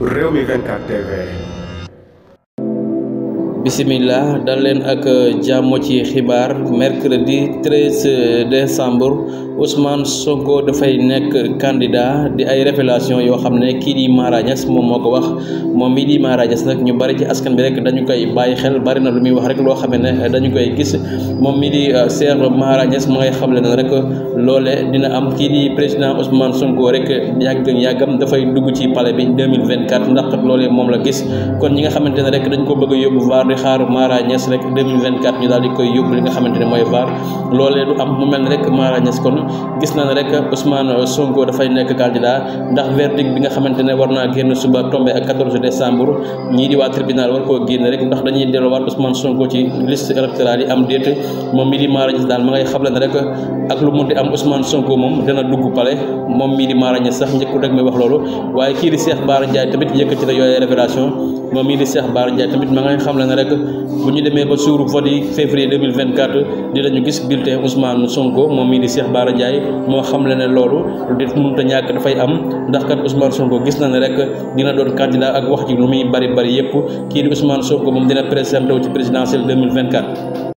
Rewmi 24 TV bisimillah dal leen ak uh, jàmmo ci xibaar mercredi 13 décembre Ousmane Sonko dafay nekk candidat di ay révélation yoo xam ne kii di Mara Niass moom moo ko wax moom mii di Mara Niass nag ñu bari ci askan bi rek dañu koy bàyyi xel bari na lu muy wax rek loo xam ne dañu koy gis moom mii di uh, Cheikh Mara Niass ma ngay xamle na rek loole dina am kii di président Ousmane Sonko rek yàgg yàggam dafay dugg ci pale bi 2024 ndax loolee moom la gis kon ñi nga xamante ne rek dañ ko bëgg di xaaru Mara Niass rek 2024 ñu daal di koy yóbbu li nga xamante ne VAR loolee du am mu mel ne rek Mara Niass kon gis nañ rek Ousmane Sonko dafay nekk candidat ndax verdict bi nga xamante ne war naa génn suba tombé ak 14 décembre ñii di waa tribunal war koo génn rek ndax dañuy delluwaat Ousmane Sonko ci liste électorale yi am déet moom mii di Mara Niass daal ma ngay xamle rek ak lu munti am Ousmane Sonko moom dana dugg palais moom mii di Mara Niass sax njëkkul rek may wax loolu waaye kii di Cheikh Bara Ndiaye tamit yëkkati na yooyu révélation moom mii di Cheikh Bara Ndiaye tamit ma ngay xam la ne rek bu ñu demee ba suuru vote yi février 2024 dinañu gis bulletin Ousmane Sonko moom mii di Cheikh Bara moo xamle ne loolu lu mënut a ñàkk dafay am ndax kat Ousmane Sonko gis na ne rek dina doon candidat ak wax ji lu muy bari bari yëpp kii di Ousmane Sonko moom dina présenté wu ci présidentielle 2024